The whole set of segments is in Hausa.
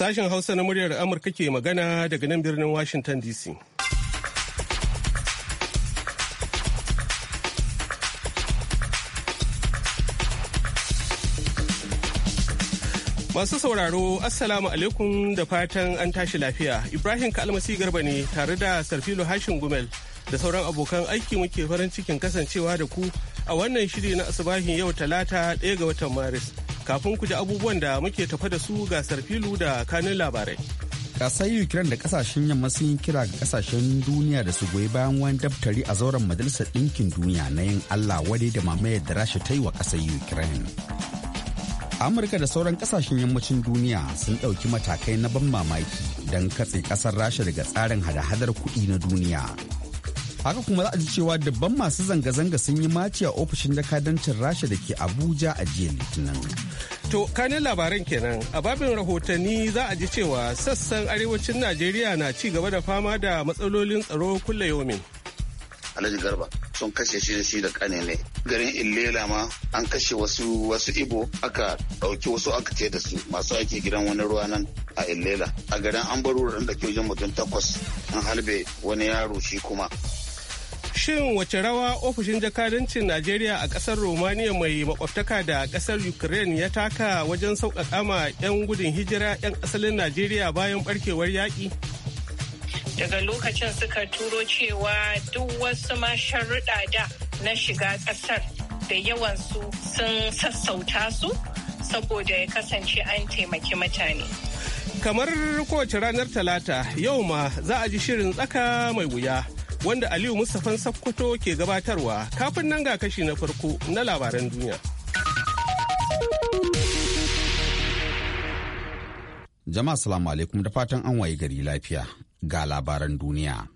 Sashen Hausa na muryar Amurka ke magana daga nan birnin Washington DC. Masu sauraro, Assalamu alaikum da fatan an tashi lafiya. Ibrahim Kalmasi Garba ne tare da Sarfilo Hashin Gumel da sauran abokan aiki muke farin cikin kasancewa da ku a wannan shiri na asubahin yau talata ɗaya ga watan Maris. kafin ku ji abubuwan da muke tafa da su ga filu da kanun labarai. Kasar Ukraine da kasashen yamma sun yi kira ga kasashen duniya da su goyi bayan wani daftari a zauren Majalisar Ɗinkin Duniya na yin Allah wadai da mamayar da Rasha ta yi wa kasar Ukraine. Amurka da sauran kasashen yammacin duniya sun ɗauki matakai na ban mamaki don katse ƙasar Rasha daga tsarin hada-hadar kuɗi na duniya. haka kuma za a ji cewa dabban masu zanga-zanga sun yi maci a ofishin dakadancin rasha da ke abuja a jiya litinin to kanin labaran kenan a babin rahotanni za a ji cewa sassan arewacin najeriya na ci gaba da fama da matsalolin tsaro kulle yomin alhaji garba sun kashe shi da shi da kane ne garin illela ma an kashe wasu wasu ibo aka dauki wasu aka ce da su masu aiki gidan wani ruwa nan a illela a garin an baro da ke wajen mutum takwas an halbe wani yaro shi kuma Shin wace rawa ofishin jakadancin Najeriya a ƙasar Romania mai makwabtaka da ƙasar Ukraine ya taka wajen sauƙaƙa ma 'yan gudun hijira 'yan asalin Najeriya bayan ɓarkewar yaƙi? Daga lokacin suka turo cewa duk wasu ma sharuɗa da na shiga ƙasar da yawansu sun sassauta su saboda ya kasance an taimaki mutane. Kamar kowace ranar Talata, yau ma za a ji shirin tsaka mai wuya. wanda Aliyu Mustafan Sakkwato ke gabatarwa kafin nan ga kashi na farko na labaran duniya. Jama'a salamu alaikum da fatan an waye gari lafiya ga labaran duniya.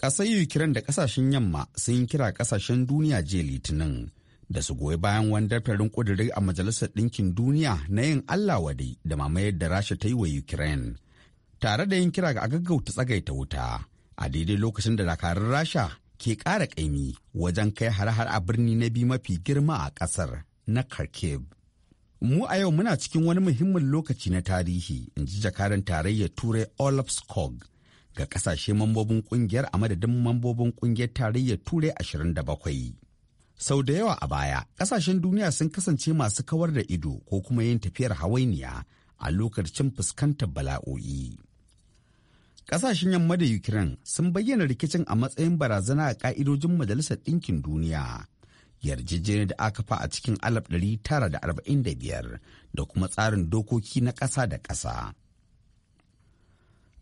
Ƙasar Ukraine da ƙasashen yamma sun yi kira ƙasashen duniya jiya litinin da su goyi bayan wani daftarin ƙudurin a Majalisar Ɗinkin Duniya na yin Allah wadai da mamayar da Rasha ta yi wa Ukraine, tare da yin kira ga gaggauta tsagaita wuta. a daidai lokacin da dakarun rasha ke ƙara ƙaimi wajen kai har-har a birni na biyu mafi girma a ƙasar na kharkiv mu a yau muna cikin wani muhimmin lokaci na tarihi in ji jakaran tarayyar turai olaf skog ga kasashe mambobin kungiyar a madadin mambobin kungiyar tarayyar turai 27 sau da yawa a baya kasashen duniya sun kasance masu kawar da ido ko kuma yin tafiyar hawainiya a lokacin fuskantar bala'o'i Ƙasashen yamma da Ukraine sun bayyana rikicin a matsayin barazana a ƙa'idojin Majalisar Ɗinkin Duniya. Yarjejeniyar da aka fa a cikin 1945 da kuma tsarin dokoki na ƙasa da ƙasa.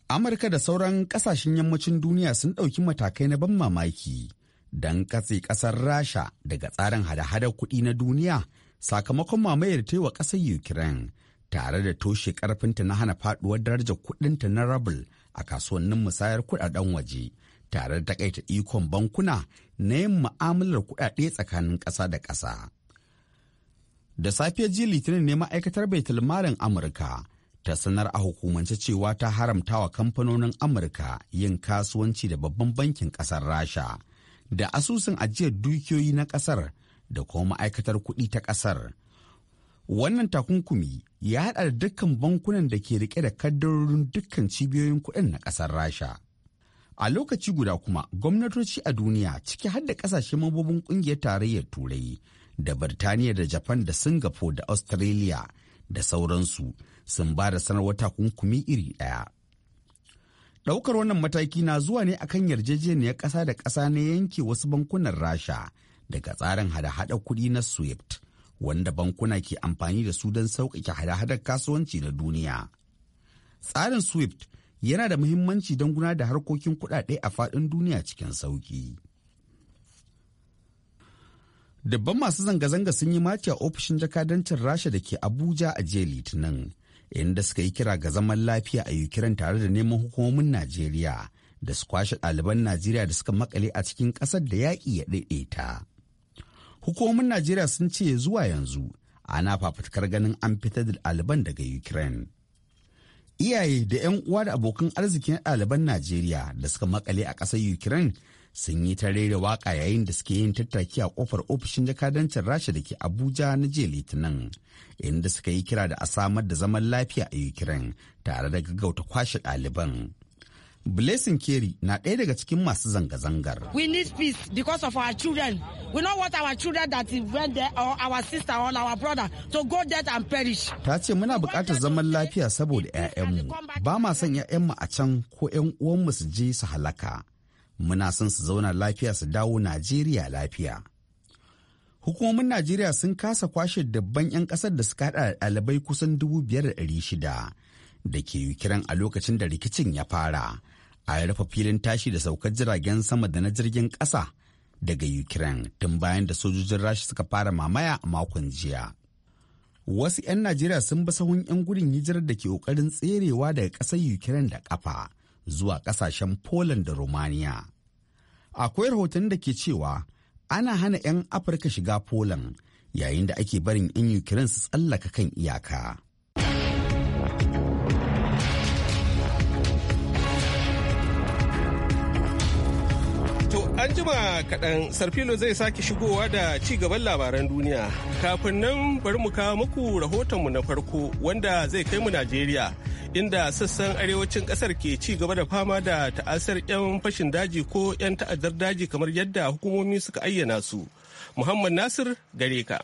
Amurka da sauran ƙasashen yammacin duniya sun ɗauki matakai na ban mamaki don katse ƙasar Rasha daga tsarin hada hada kuɗi na duniya sakamakon mamayar ta yi wa ƙasar Ukraine tare da toshe ƙarfinta na hana faɗuwar darajar kuɗinta na rabul a kasuwannin musayar kuɗaɗen waje tare da takaita ikon bankuna na yin mu'amalar kuɗaɗe tsakanin ƙasa da ƙasa. Da safiya jiya Litinin ne ma'aikatar Baitul Amurka ta sanar a hukumance cewa ta haramta wa kamfanonin Amurka yin kasuwanci da babban bankin ƙasar Rasha da asusun ajiyar dukiyoyi na ƙasar da kuma ma'aikatar kuɗi ta ƙasar. Wannan takunkumi ya haɗa da dukkan bankunan da ke rike da kaddarorin dukkan cibiyoyin kuɗin na ƙasar rasha a lokaci guda kuma gwamnatoci a duniya ciki har da ƙasashe mabobin ƙungiyar tarayyar turai da birtaniya da japan da singapore da australia da sauransu sun ba da sanarwar takunkumi iri ɗaya ɗaukar wannan mataki na zuwa ne akan yarjejeniyar ƙasa da ƙasa na yanke wasu bankunan rasha daga tsarin hada-hada kuɗi na swift wanda bankuna ke amfani da su don sauƙaƙe hada-hadar kasuwanci na duniya. Tsarin SWIFT yana da muhimmanci don gudanar da harkokin kuɗaɗe a faɗin duniya cikin sauƙi. Dabban masu zanga-zanga sun yi maci a ofishin jakadancin Rasha da ke Abuja a jiya Litinin, inda suka yi kira ga zaman lafiya a Ukraine tare da neman hukumomin Najeriya da su kwashe ɗaliban Najeriya da suka makale a cikin ƙasar da yaƙi ya ɗaiɗaita. hukumomin najeriya sun ce zuwa yanzu ana fafutukar ganin an fitar da ɗaliban daga ukraine iyaye da 'yan uwa da abokan arzikin ɗaliban najeriya da suka makale a ƙasar ukraine sun yi ta rere waka yayin da suke yin tattaki a ƙofar ofishin jakadancin rasha da ke abuja na jiya litinin inda suka yi kira da a samar da zaman lafiya a ukraine tare da gaggauta kwashe ɗaliban Blessing Kerry na ɗaya daga cikin masu zanga-zangar. We need peace because of our children. We know what our children that went there or our sister or our brother to go dead and perish. Ta ce muna buƙatar zaman lafiya saboda 'ya'yanmu. Ba ma son 'ya'yanmu a can ko 'yan uwanmu su je su halaka. Muna son su zauna lafiya su dawo Najeriya lafiya. Hukumomin Najeriya sun kasa kwashe dabban 'yan ƙasar da suka haɗa ɗalibai kusan dubu biyar da shida da ke kiran a lokacin da rikicin ya fara. a rufe filin tashi da saukar jiragen sama da na jirgin kasa daga Ukraine tun bayan da sojojin Rasha suka fara mamaya a makon jiya. Wasu 'yan Najeriya sun bi sahun 'yan gudun hijirar da ke ƙoƙarin tserewa daga ƙasar Ukraine da ƙafa zuwa ƙasashen Poland da Romania. Akwai rahoton da ke cewa ana hana 'yan Afirka shiga Poland yayin da ake barin 'yan Ukraine su tsallaka kan iyaka. To an jima kaɗan Sarfilo zai sake shigowa da ci gaban labaran duniya. Kafin nan bari mu kawo muku rahotonmu na farko wanda zai kai mu Najeriya. Inda sassan arewacin ƙasar ke ci gaba da fama da ta'asar 'yan fashin daji ko 'yan ta'addar daji kamar yadda hukumomi suka ayyana su. Muhammad Nasir gare ka.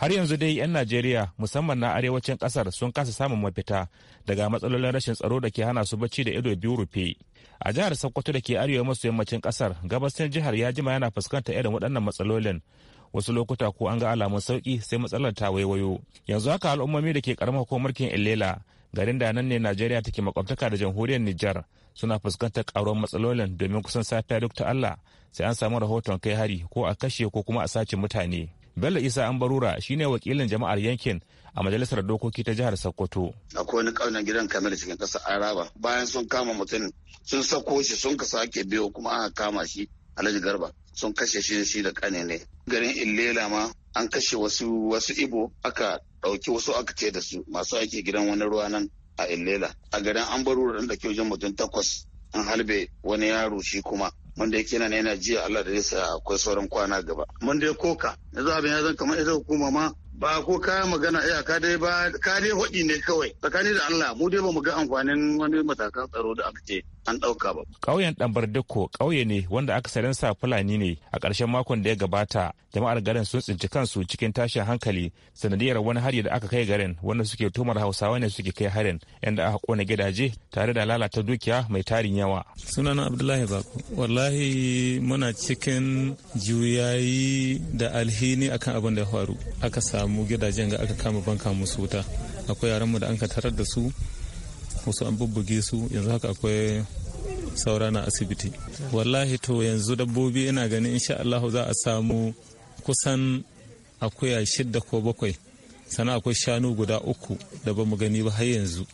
har yanzu dai 'yan najeriya musamman na arewacin kasar sun kasa samun mafita daga matsalolin rashin tsaro da ke hana su bacci da ido biyu rufe a jihar sokoto da ke arewa maso yammacin kasar gabasin jihar ya jima yana fuskantar irin waɗannan matsalolin wasu lokuta ko an ga alamun sauki sai matsalar ta waiwayo yanzu haka al'ummomi da ke karamar ko ilela garin da nan ne najeriya take makwabtaka da jamhuriyar nijar suna fuskantar karuwar matsalolin domin kusan safiya duk ta allah sai an samu rahoton kai hari ko a kashe ko kuma a sace mutane Bello Isa Ambarura shine wakilin jama'ar yankin a majalisar dokoki ta jihar Sokoto. Akwai wani ƙaunar gidan kamar cikin ƙasar Araba bayan sun kama mutum sun sako shi sun ka sake biyo kuma aka kama shi Alhaji Garba sun kashe shi shi da ƙane ne. Garin Ilela ma an kashe wasu wasu Ibo aka ɗauki wasu aka ce da su masu aiki gidan wani ruwa nan a Ilela. A garin Ambarura ɗan da ke wajen mutum takwas an halbe wani yaro shi kuma wanda yake yana yana jiya Allah da yasa akwai sauran kwana gaba mun dai koka yanzu abin ya zan kamar ita hukuma ma ba ko kayan magana eh, ka dai ba ka dai hudi ne kawai tsakani da Allah mu dai ba mu ga amfanin wani matakan tsaro da aka an ɗauka ba. Ƙauyen Ɗanbardiko ƙauye ne wanda aka sarin sa Fulani ne a ƙarshen makon da ya gabata jama'ar garin sun tsinci kansu cikin tashin hankali sanadiyar wani hari da aka kai garin wanda suke tumar Hausawa ne suke kai harin inda aka kona gidaje tare da lalata dukiya mai tarin yawa. Sunana Abdullahi Bako wallahi muna cikin juyayi da alhini akan abin da ya faru aka samu gidajen ga aka kama banka musu wuta akwai yaranmu da an ka tarar da su wasu an bubbuge su yanzu haka akwai saura na asibiti wallahi to yanzu dabbobi ina ganin insha Allah za a samu kusan akuya shidda ko bakwai sannan akwai shanu guda uku da ba mu gani ba har yanzu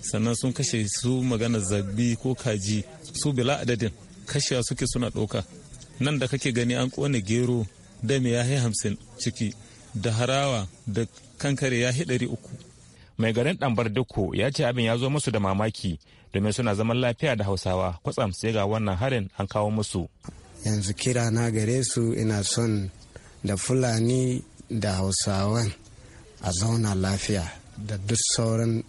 sannan sun kashe su magana zabi ko kaji su bila adadin kashewa suke suna ɗauka nan da kake gani an kone gero da ya yi hamsin ciki da harawa da kankare ya yi ɗari uku mai garin ɗambar dukko ya ce abin ya zo musu da mamaki domin suna zaman lafiya da hausawa kwatsam sai ga wannan harin an kawo musu yanzu kira na gare su ina son da fulani da hausawan a zauna lafiya da duk sauran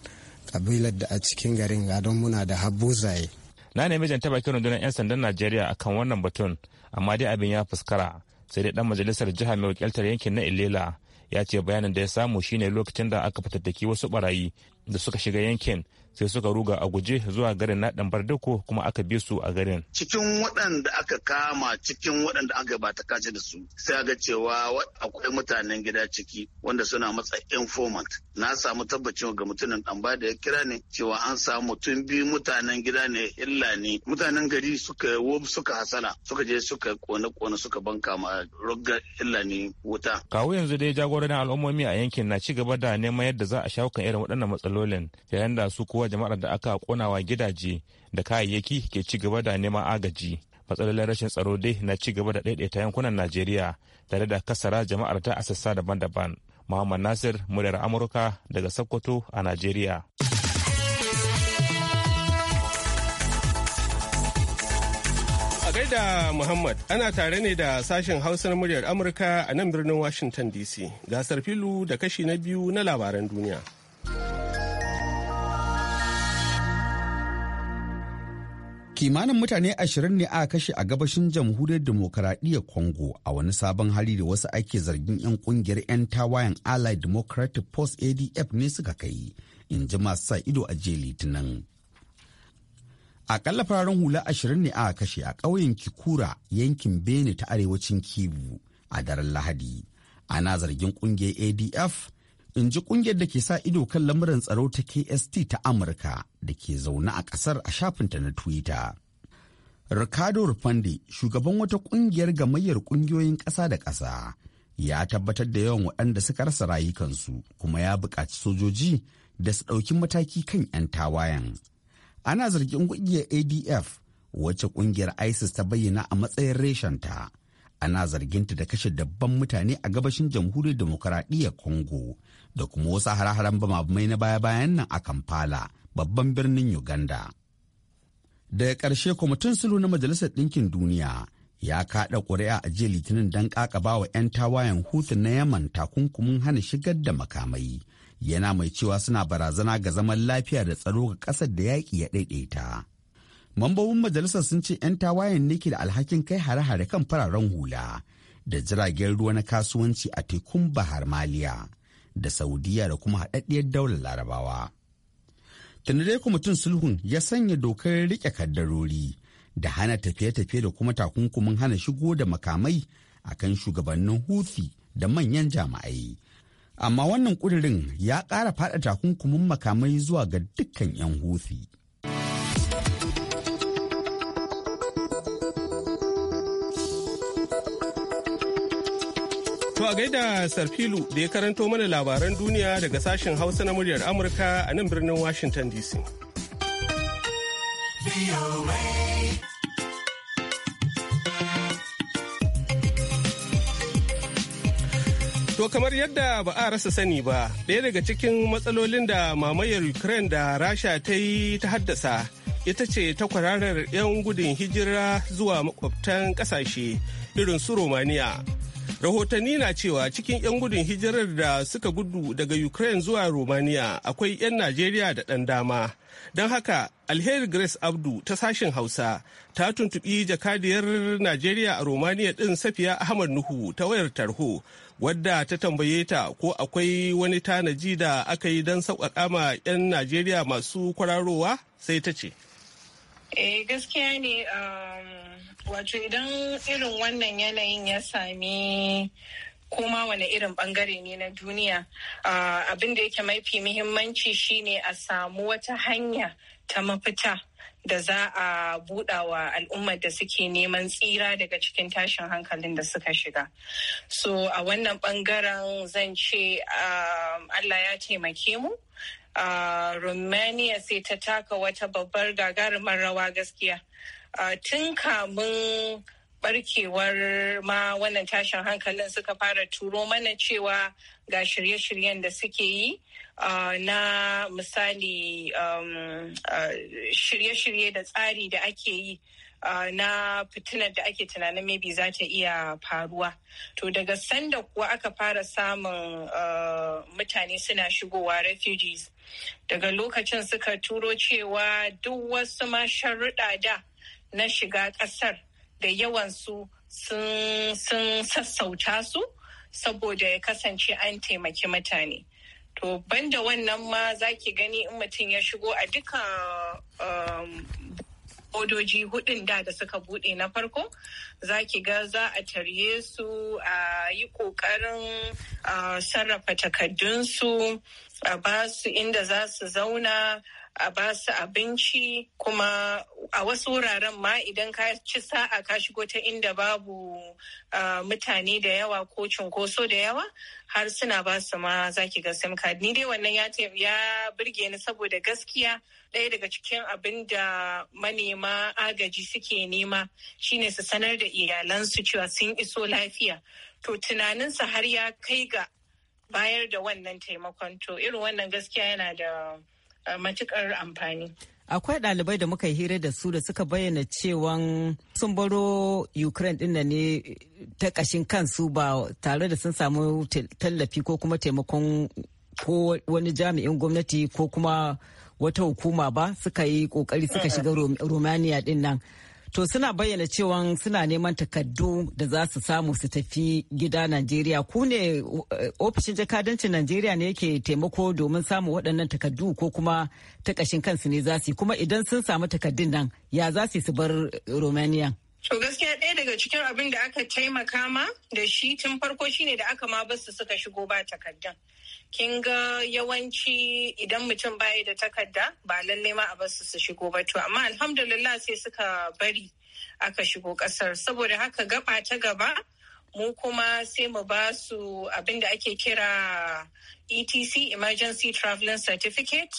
kabilar da a cikin garin gadon muna da habuzaye na nemi jan bakin rundunar 'yan sandan najeriya akan wannan batun amma dai abin ya fuskara sai dai dan majalisar jiha mai wakiltar yankin na ilela ya ce bayanin da ya samu shine lokacin da aka fatattaki wasu barayi da suka shiga yankin sai suka ruga a guje zuwa garin na bardako kuma aka bi su a garin. Cikin waɗanda aka kama cikin waɗanda aka ba ta kace da su sai ga cewa akwai mutanen gida ciki wanda suna matsa informant. Na samu tabbacin ga mutumin ɗan da ya kira ne cewa an samu mutum biyu mutanen gida ne illa ne mutanen gari suka suka hasala suka je suka kone kone suka banka ma rugga illa ne wuta. Kawo yanzu dai jagoran al'ummomi a yankin na ci gaba da neman yadda za a shawo kan irin waɗannan matsalolin yayin da su ko kuwa jama'ar da aka konawa gidaje da kayayyaki ke ci gaba da neman agaji matsalolin rashin tsaro dai na ci gaba da daidaita yankunan najeriya tare da kasara jama'ar ta a sassa daban-daban muhammad nasir muryar amurka daga sokoto a najeriya a gaida muhammad ana tare ne da sashen hausar muryar amurka a nan birnin washington dc gasar filu da kashi na biyu na labaran duniya kimanin mutane ashirin ne aka kashe a gabashin jamhuriyar demokaradiyyar congo a wani sabon hali da wasu ake zargin 'yan kungiyar 'yan tawayen allied democratic post adf ne suka kai in ji masu sa ido a jiya litinin akalla fararen hula ashirin ne aka kashe a ƙauyen kikura yankin bene ta arewacin kivu a daren lahadi ana zargin kungiyar adf in ji kungiyar da ke sa ido kan lamuran tsaro ta KST ta Amurka da ke zaune a ƙasar a shafinta na Twitter. Ricardo Rufande, shugaban wata kungiyar gamayyar kungiyoyin ƙasa da ƙasa, ya tabbatar da yawan waɗanda suka rasa rayukansu kuma ya buƙaci sojoji da su ɗauki mataki kan 'yan tawayen. Ana zargin kungiyar ADF, wacce kungiyar ISIS ta bayyana a matsayin reshenta, ana zarginta da kashe dabban mutane a gabashin jamhuriyar demokaradiyyar congo da kuma wasu hare-haren mai na baya-bayan nan a kampala babban birnin uganda daga ƙarshe kwamitin sulhu na majalisar ɗinkin duniya ya kaɗa ƙuri'a a jiya litinin don ƙaƙaba wa 'yan tawayen hutu na yaman takunkumin hana shigar da makamai yana mai cewa suna barazana ga zaman lafiya da tsaro ga ƙasar da yaƙi ya ɗaiɗaita. Mambobin majalisar sun ce 'yan tawayen ne ke da alhakin kai hare-hare kan fararen hula da jiragen ruwa na kasuwanci a tekun Bahar Maliya da Saudiya da kuma haɗaɗɗiyar daular Larabawa. ku mutum sulhun ya sanya dokar riƙe kaddarori da hana tafiye-tafiye da kuma takunkumin hana shigo da makamai a kan shugabannin hutu da manyan jama'ai, Amma wannan ƙudurin ya ƙara faɗa takunkumin makamai zuwa ga dukkan 'yan hutu. To a gaida Sarfilu da ya karanto mana labaran duniya daga sashen Hausa na muryar Amurka a nan birnin Washington DC. To kamar yadda ba a rasa sani ba, ɗaya daga cikin matsalolin da mamayar Ukraine da Rasha ta yi ta haddasa ita ce ta kwararar 'yan gudun hijira zuwa makwabtan ƙasashe irin su Romania. rahotanni na cewa cikin 'yan gudun hijirar da suka gudu daga ukraine zuwa romania akwai 'yan najeriya da ɗan dama don haka alheri grace abdu ta sashen hausa ta tuntuɓi jakadiyar najeriya a romania ɗin safiya ahmad nuhu ta wayar tarho wadda ta tambaye ta ko akwai wani tanaji da aka yi don sauƙaƙa ma 'yan najeriya masu kwararowa sai ta ce eh, wato idan irin wannan yanayin ya sami koma wane irin bangare ne na duniya abin da yake mafi muhimmanci shine a samu wata hanya ta mafita da za a buɗa wa al'ummar da suke neman tsira daga cikin tashin hankalin da suka shiga so a wannan bangaren zan ce allah ya taimake mu romania sai ta taka wata babbar gagarumar rawa gaskiya tun kamun barkewar ma wannan tashin hankalin suka fara turo mana cewa ga shirye-shiryen da suke yi na misali um, shirye-shirye da tsari da ake yi na fitinar da ake tunanin maybe za ta iya faruwa to daga sanda kuwa aka fara samun mutane suna shigowa refugees daga lokacin suka turo cewa duk wasu ma sharuɗa da na shiga ƙasar da yawansu sun sassauta su saboda ya kasance an taimaki mutane. To banda wannan ma za ki gani in mutum ya shigo a duka um, odoji hudun da da suka bude na farko za ki ga za a tarye su a yi kokarin sarrafa takardunsu a ba su inda za su zauna a ba su abinci kuma a wasu wuraren ma idan ka ci sa'a ka shigo ta inda babu mutane da yawa ko cunkoso da yawa har suna ba su ma ki ga sim card ni dai wannan ya birge ni saboda gaskiya ɗaya daga cikin abin da manema agaji suke nema shine su sanar da iyalansu cewa sun iso lafiya to tunaninsa har ya kai ga bayar da wannan taimakon to irin wannan gaskiya yana da matukar amfani. Akwai ɗalibai da muka hira da su da suka bayyana cewa sun baro Ukraine ɗin ne ta ƙashin kansu ba tare da sun samu tallafi ko kuma taimakon ko wani jami'in gwamnati ko kuma wata hukuma ba suka yi ƙoƙari suka shiga Romania ɗin nan. To suna bayyana cewa suna neman takardu da za su samu su tafi gida Najeriya. Ku ne eh, ofishin jakadancin Najeriya ne yake taimako domin samun waɗannan takardu ko kuma ta ƙashin kansu ne za su kuma idan sun samu takardun nan ya za su su bar Romania. To gaskiya ɗaya daga cikin abin da aka taimaka ma da shi tun farko shine da aka ma basu suka shigo ba takardun. kin ga yawanci idan mutum baya da takarda ba lallai ma a basu su shigo ba to amma alhamdulillah sai suka bari aka shigo kasar saboda haka gaba ta gaba mu kuma sai mu ba su abin da ake kira etc emergency traveling certificate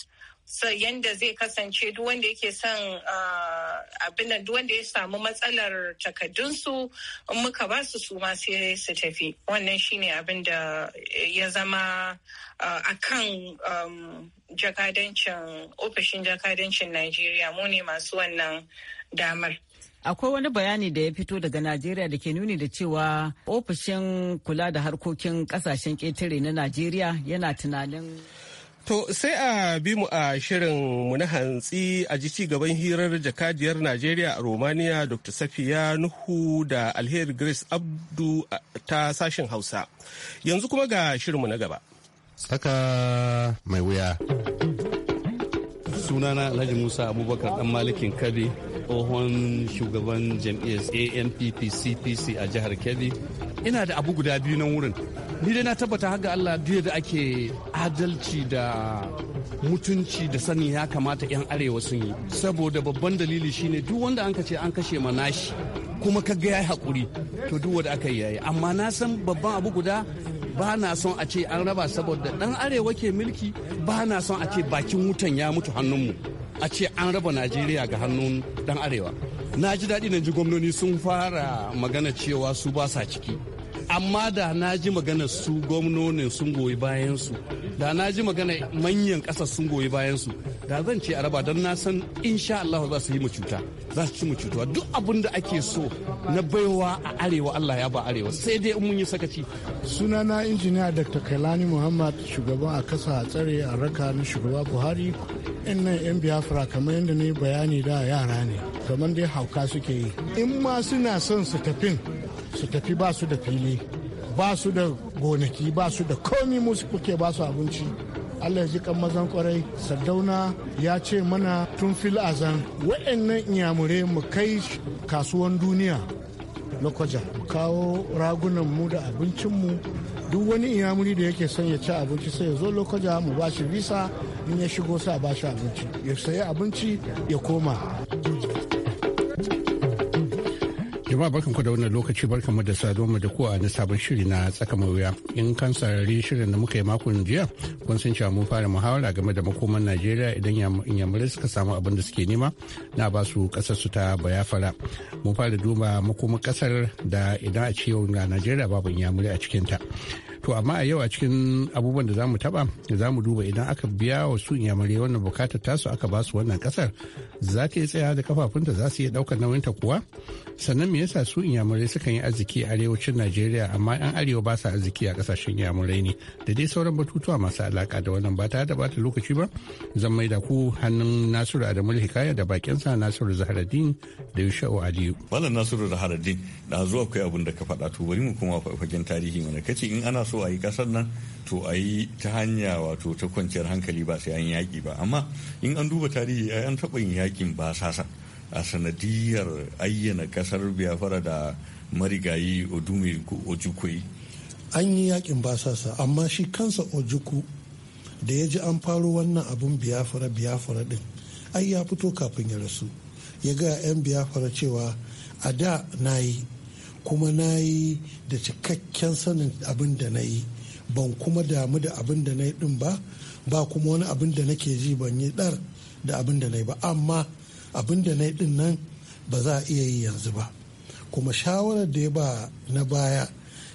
yanda zai kasance duk wanda yake son uh, abin duk wanda ya samu matsalar takaddunsu in muka ba su su ma sai su tafi wannan shine abin da ya zama uh, a kan um, jakadancin ofishin jakadancin najeriya mu ne masu wannan damar Akwai wani bayani da ya fito daga Najeriya da ke nuni da cewa ofishin kula da harkokin kasashen ƙetare na Najeriya yana tunanin To sai a bi mu a shirin mu na hantsi a ji ci gaban hirar jakadiyar Najeriya a Romania Dr. Safiya Nuhu da Alheri Grace Abdu ta sashen Hausa. Yanzu kuma ga shirin mu na gaba. Saka mai wuya. Sunana Alhaji Musa Abubakar dan malikin Kabe tsohon shugaban jam'iyyar ampp cpc a jihar kebbi ina da abu guda biyu na wurin ni dai na tabbata haga allah duk da ake adalci da mutunci da sani ya kamata 'yan arewa sun yi saboda babban dalili shine duk wanda an ce an kashe ma nashi kuma ka ga yayi hakuri to duk wanda aka yi amma na san babban abu guda ba na son a ce an raba saboda dan arewa ke mulki ba na son a ce bakin wutan ya mutu hannunmu a ce an raba najeriya ga hannun dan arewa na ji daɗi na ji gwamnoni sun fara magana cewa su ba sa ciki amma da na ji magana su gwamnonin sun goyi bayan su da na ji magana manyan ƙasar sun goyi bayan su da zan ce a raba don na san insha Allah za su yi mu cuta za su ci mu cutuwa duk abin da ake so na baiwa a arewa Allah ya ba arewa sai dai mun yi sakaci sunana injiniya Dr. Kailani Muhammad shugaban a kasa a tsare a raka na shugaba Buhari in nan yan Biafra kamar yadda ne bayani da yara ne kamar dai hauka suke yi in ma suna son su tafin su tafi ba su da fili ba su da gonaki ba su da komi musu kuke ba su abinci Allah ya ji kan mazan kwarai sardauna ya ce mana tun fil azan wa'annan inyamure mu kai kasuwan duniya lokaja mu kawo ragunan mu da abincinmu duk wani inyamuri da yake son ya ci abinci sai ya zo lokaja mu ba shi visa in ya shigo sa ba shi abinci ya sayi abinci ya koma jama'a barkan ku da wannan lokaci barkan mu da saduwa mu da ku a na sabon shiri na tsaka wuya in kan sarari shirin da muka yi makon jiya kun sun cewa mun fara muhawara game da makoman najeriya idan inyamurai suka samu abin da suke nema na ba su kasar su ta bayafara mun fara duba makoman kasar da idan a ce yau ga najeriya babu inyamurai a cikinta to amma a yau a cikin abubuwan da zamu taba za mu duba idan aka biya wa su inyamurai wannan bukatar tasu aka ba su wannan kasar za ta yi tsaya da kafafunta za su iya daukar ta kuwa sannan me yasa su inyamare sukan yi arziki a arewacin najeriya amma yan arewa ba su arziki a kasashen inyamurai ne da dai sauran batutuwa masu alaka da wannan ba tare da bata lokaci ba zan da ku hannun nasiru adamu hikaya da bakin sa nasiru zaharaddin da yusha'u aliyu malam nasiru zaharaddin da zuwa kai abun da ka faɗa to bari mu kuma fagen tarihi mana kace in ana so a yi kasar nan to a yi ta hanya wato ta kwanciyar hankali ba sai an yaƙi ba amma in an duba tarihi an taɓa yin yaƙin ba sasa a sanadiyar ayyana kasar biafra da marigayi odumi ojukwe an yi yaƙin ba sasa amma shi kansa ojuku da ya ji an faro wannan abun biafra biafra din ai ya fito kafin ya rasu ya ga 'yan biafra cewa a da na yi kuma na yi da cikakken sanin abin da na yi ban kuma damu da abin da na yi din ba ba kuma wani abin da nake ji ban yi dar da abin da na yi ba amma abin da na yi din nan ba za a iya yi yanzu ba kuma shawarar da ya ba na baya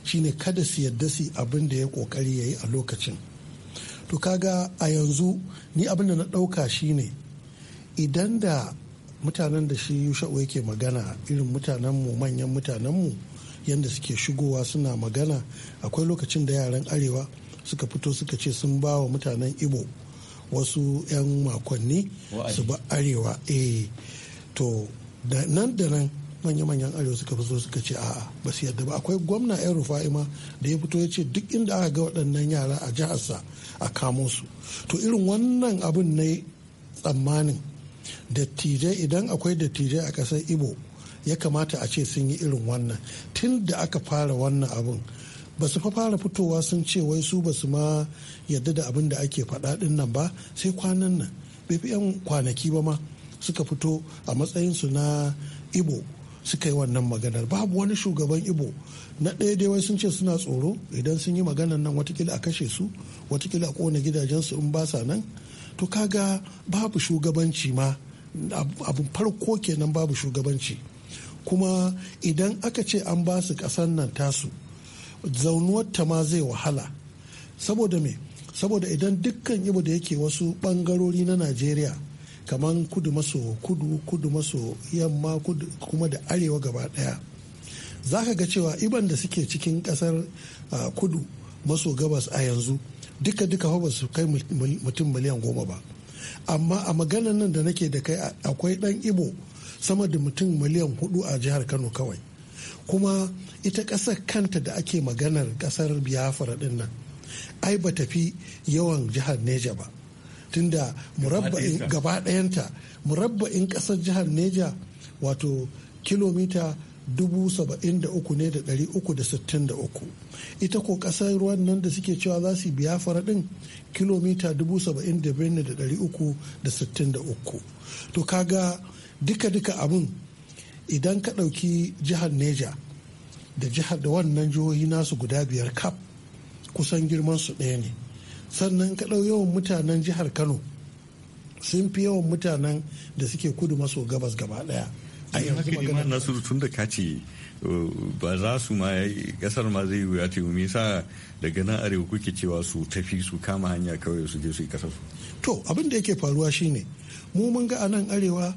shine kada su yadda su abin da ya kokari ya yi a lokacin to kaga a yanzu ni abin da na ɗauka shine idan da mutanen da shi yusha'u yake magana irin mutanenmu manyan mutanenmu yadda suke shigowa suna magana akwai lokacin da yaran arewa suka fito suka ce sun ba wa mutanen ibo wasu 'yan makonni su ba arewa eh to nan da nan manya-manyan arewa suka fito suka ce a'a ba su yadda ba akwai gwamna yan rufa'ima da ya fito ya ce duk inda aka ga waɗannan yara a jiharsa a kamo su to irin wannan abin na tsammanin dattijai idan akwai dattijai a ƙasar ibo ya kamata a ce sun yi irin wannan tun da aka fara wannan abin ba su fara fitowa sun ce wai su ba su ma yadda da abin da ake faɗa ɗin nan ba sai kwanan nan bai fi 'yan kwanaki ba ma suka fito a matsayinsu na ibo suka yi wannan maganar babu wani shugaban ibo na ɗaya dai wai sun ce suna tsoro idan sun yi maganar nan watakila a kashe su watakila a kona gidajensu in ba sa nan to kaga babu shugabanci ma abin farko kenan babu shugabanci kuma idan aka ce an ba su kasan nan tasu zaunuwar ma zai wahala saboda me saboda idan dukkan ibo da yake wasu bangarori na najeriya kamar kudu maso kudu kudu maso yamma kudu kuma da arewa gaba daya za ka ga cewa iban da suke cikin kasar ah, kudu maso gabas a yanzu duka duka ba su kai mutum miliyan goma ba amma a maganar nan da nake da kai akwai dan ibo sama da mutum miliyan hudu a jihar kano kawai kuma ita ƙasar kanta da ake maganar ƙasar biafra din nan ai ba tafi yawan jihar neja ba tunda murabba'in gaba ɗayanta murabba'in ƙasar jihar neja wato kilomita 73,363 ita ko kasar ruwan nan da suke cewa za su biya faradin kilomita 75,363 to kaga duka-duka abin idan ka ɗauki jihar neja da jihar da wannan jihohi nasu guda biyar kaf kusan girman su ɗaya ne sannan ka ɗau yawan mutanen jihar kano sun fi yawan mutanen da suke kudu maso gabas gaba ɗaya a yi haka magana nasu tun da kace uh, ba za su ma kasar ma zai wuya ta me yasa daga nan arewa kuke cewa su tafi su kama hanya kawai su je su yi kasar to abin da yake faruwa shine mu mun ga a nan arewa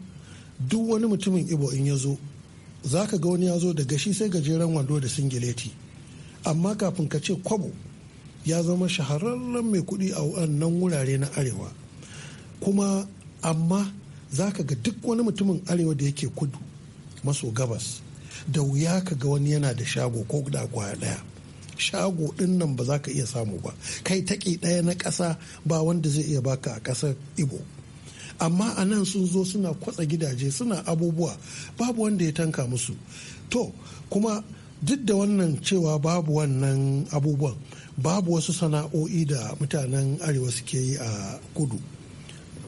duk wani mutumin ibo in ya zo za ka ga wani ya zo daga shi sai gajeren wando da singileti amma kafin ka ce kwabo ya zama shahararren mai kuɗi a wannan wurare na arewa kuma amma za ka ga duk wani mutumin arewa da yake kudu maso gabas da wuya ka ga wani yana da shago ko da kwaya daya shago din nan ba za ka iya samu ba kai taki daya na ƙasa ba wanda zai iya baka a ƙasar ibo amma a nan sun zo suna kwatsa gidaje suna abubuwa babu wanda ya tanka musu to kuma duk da wannan cewa babu wannan abubuwan babu wasu sana'o'i da mutanen arewa suke yi a kudu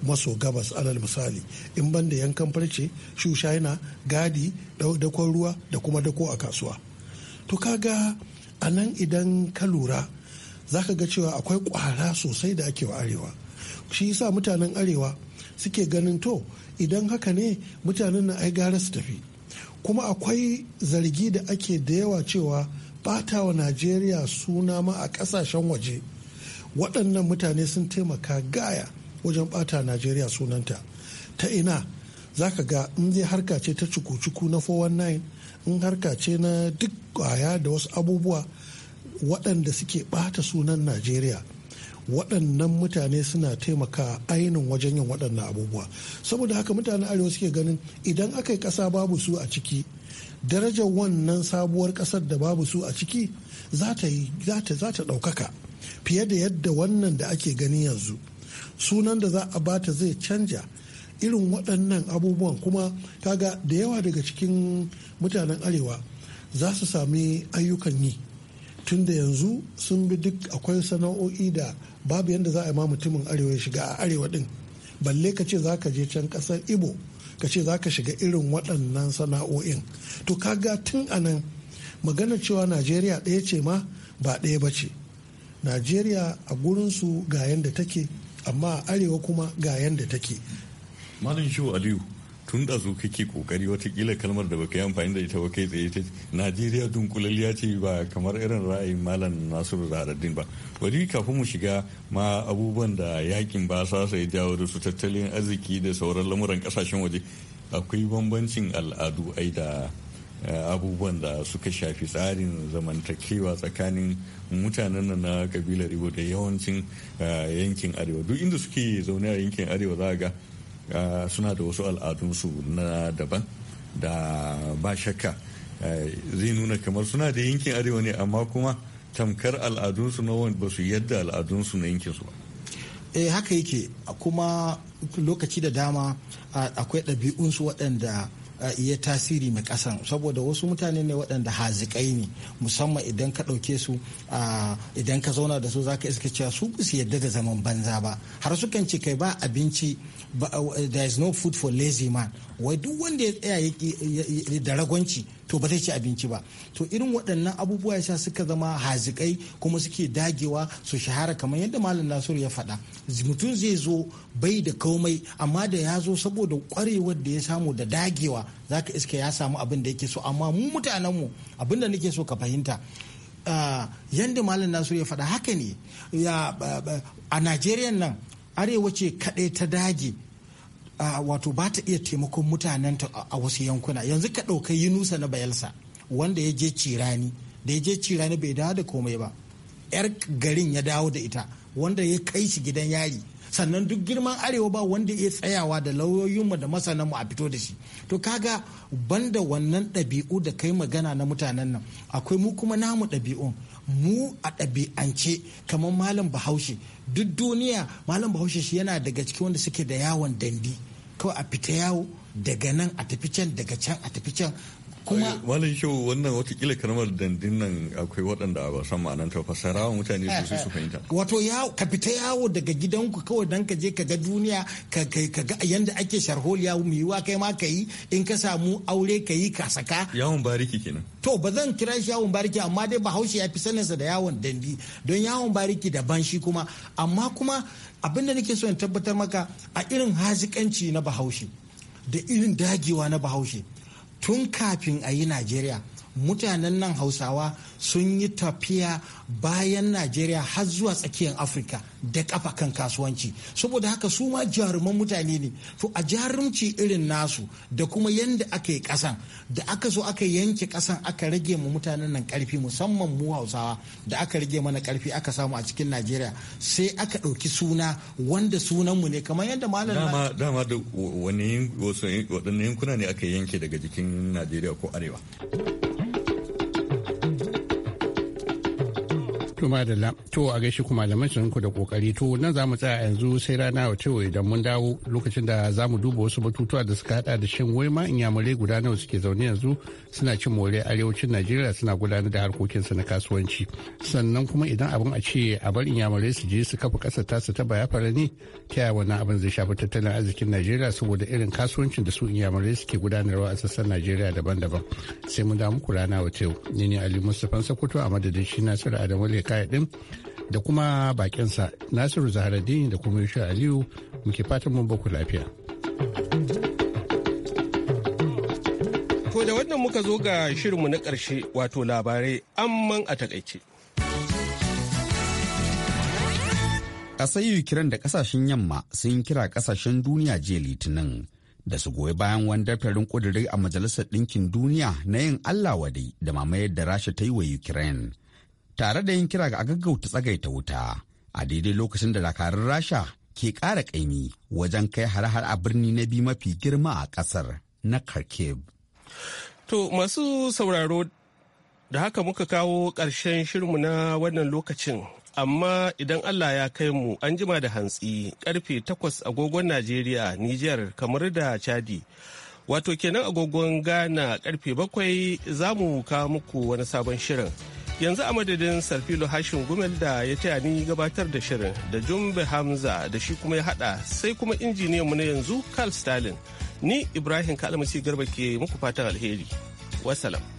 maso gabas alal misali in ban da yankan farce shushaina gadi dakon ruwa da kuma dako a kasuwa to kaga a nan idan ka lura za ka ga cewa akwai kwara sosai da ake wa arewa shi yasa mutanen arewa suke ganin to idan haka ne mutanen na ai gara su tafi kuma akwai zargi da ake da yawa cewa bata wa najeriya suna ma a kasashen waje waɗannan mutane sun taimaka gaya wajen bata najeriya sunanta ta ina za ka ga in zai harka ce ta cuku-cuku na 419 in harka ce na duk kwaya da wasu abubuwa waɗanda suke bata sunan najeriya waɗannan mutane suna taimaka ainihin wajen yin waɗannan abubuwa saboda haka mutanen arewa suke ganin idan aka yi ƙasa babu su a ciki darajar wannan sabuwar ƙasar da babu su a ciki za ta ɗaukaka fiye da yadda wannan da ake gani yanzu sunan da za a bata zai canja irin waɗannan abubuwan kuma kaga da yawa daga cikin mutanen arewa za su sami ayyukan yi tun da yanzu sun bi duk akwai sana'o'i da babu yadda za a ma mutumin arewa ya shiga a arewa din balle ka ce za ka je can ƙasar ibo ka ce za ka shiga irin waɗannan sana'o'in to kaga tun anan nan magana cewa najeriya ɗaya ce ma ba ɗaya ba ce najeriya a gurinsu ga yadda take amma arewa kuma ga yanda take malam shehu aliyu tun da su kake kokari watakila kalmar da baka yi amfani da ita ba kai tsaye ta najeriya dunkulaliya ce ba kamar irin ra'ayin malam nasiru zaharaddin ba wani kafin mu shiga ma abubuwan da yakin ba sa sai jawo da su tattalin arziki da sauran lamuran kasashen waje akwai bambancin al'adu ai da Eh, abubuwan da suka shafi tsarin zamantakewa tsakanin mutanen nan na kabilar ibo da yawancin eh, yankin arewa duk inda suke zaune a yankin arewa za ga eh, suna da wasu al'adunsu na daban da ba shakka zai nuna kamar suna da yankin arewa ne amma kuma tamkar al'adunsu na wani ba su yadda al'adunsu na yankinsu ba eh haka yake kuma lokaci da dama akwai ɗabi'unsu waɗanda iya tasiri mai kasan saboda wasu mutane ne waɗanda hazikai ne musamman idan ka ɗauke su idan ka zauna da su ka iska cewa su su yadda da zaman banza ba har sukan ce kai ba abinci uh, there is no food for lazy man wai duk wanda ya tsaya da ragwanci to ba zai ci abinci ba to irin waɗannan abubuwa ya sa suka zama hazikai kuma suke dagewa su shahara kamar yadda malam nasiru ya faɗa mutum zai zo bai da komai amma da ya zo saboda kwarewar da ya samu da dagewa zaka iska ya samu abin da yake so amma mu mutanenmu abin da nake so ka fahimta yadda malam nasiru ya faɗa haka ne a najeriya nan arewa ce kaɗai ta dage wato ba ta iya taimakon mutanenta a wasu yankuna yanzu ka ɗauka yunusa na bayelsa wanda ya je cirani da ya je cirani bai dawo da komai ba yar garin ya dawo da ita wanda ya kai shi gidan yari sannan duk girman arewa ba wanda ya tsayawa da lauyoyinmu da masananmu a fito da shi to kaga banda wannan ɗabi'u da kai magana na mutanen nan akwai mu kuma namu ɗabi'un mu a ɗabi'ance kamar malam bahaushe duk duniya malam bahaushe shi yana daga cikin wanda suke da yawon dandi kawai a fita yawo daga nan a tafi can daga can a tafi can kuma malam shi wannan watakila karamar dandin nan akwai waɗanda ba san ma'anar ta fasara wa mutane eh, su eh. su fahimta wato yawo ka fita yawo daga gidanku kawai dan ka je ka ga duniya ka ga yanda ake sharholiya mu yiwa kai ma ka yi in ka samu aure ka yi ka saka yawon bariki kenan to ba zan kira shi yawon bariki amma dai bahaushe ya fi sanin sa da yawon dandi don yawon bariki daban shi kuma amma kuma abinda da nake so in tabbatar maka a irin hazikanci na bahaushe da irin dagewa na bahaushe tun kafin a yi najeriya mutanen nan hausawa sun yi tafiya bayan najeriya har zuwa tsakiyar afirka da kafa kan kasuwanci saboda haka su ma jaruman mutane ne to a jarumci irin nasu da kuma yadda aka yi kasan da aka zo aka yanke kasan aka rage mu mutanen nan karfi musamman mu hausawa da aka rage mana karfi aka samu a cikin najeriya sai aka ɗauki suna wanda sunanmu ne kamar yadda malam dama da wani waɗannan yankuna ne aka yanke daga jikin najeriya ko arewa To la to a gaishe kuma malaman sun ku da kokari to nan zamu tsaya yanzu sai rana wa cewa idan mun dawo lokacin da zamu duba wasu batutuwa da suka hada da shin wai ma inyamurai guda nawa suke zaune yanzu suna cin more arewacin Najeriya suna gudanar da harkokin su na kasuwanci. Sannan kuma idan abin a ce a bar inyamurai su je su kafa kasar tasu ta fara ne ta yaya wannan abin zai shafi tattalin arzikin Najeriya saboda irin kasuwancin da su inyamurai suke gudanarwa a sassan Najeriya daban-daban. Sai mun da muku rana wa cewa ni ne Ali Mustafa Sokoto a madadin shi Nasiru Adamu Lek kaya din da kuma bakinsa nasiru din da kuma yusha aliyu muke fatan mun baku lafiya Ko da wannan muka zo ga shirinmu na ƙarshe wato labarai amman a takaice ƙasar ukraine da ƙasashen yamma sun kira ƙasashen duniya jiya litinin da su goyi bayan wani daftarin ƙudurai a majalisar ɗinkin duniya na yin allah wadai da mamayar da rasha ta yi wa ukraine tare da yin kira ga gaggauta tsagaita wuta a daidai lokacin da dakarun rasha ke ƙara ƙaimi wajen kai har-har a birni na biyu mafi girma a ƙasar na kharkiv to masu sauraro da haka muka kawo ƙarshen shirinmu na wannan lokacin amma idan Allah ya kai mu an jima da hantsi karfe takwas agogon Najeriya, Nijar, kamar da Chadi. Wato kenan agogon Ghana karfe bakwai za mu kawo muku wani sabon shirin. yanzu a madadin sarfilo hashin gumel da ya taya ni gabatar da shirin da jumbe hamza da shi kuma ya hada sai kuma injiniyan mu na yanzu carl stalin ni ibrahim kalmasi garba ke muku fatan alheri wasalam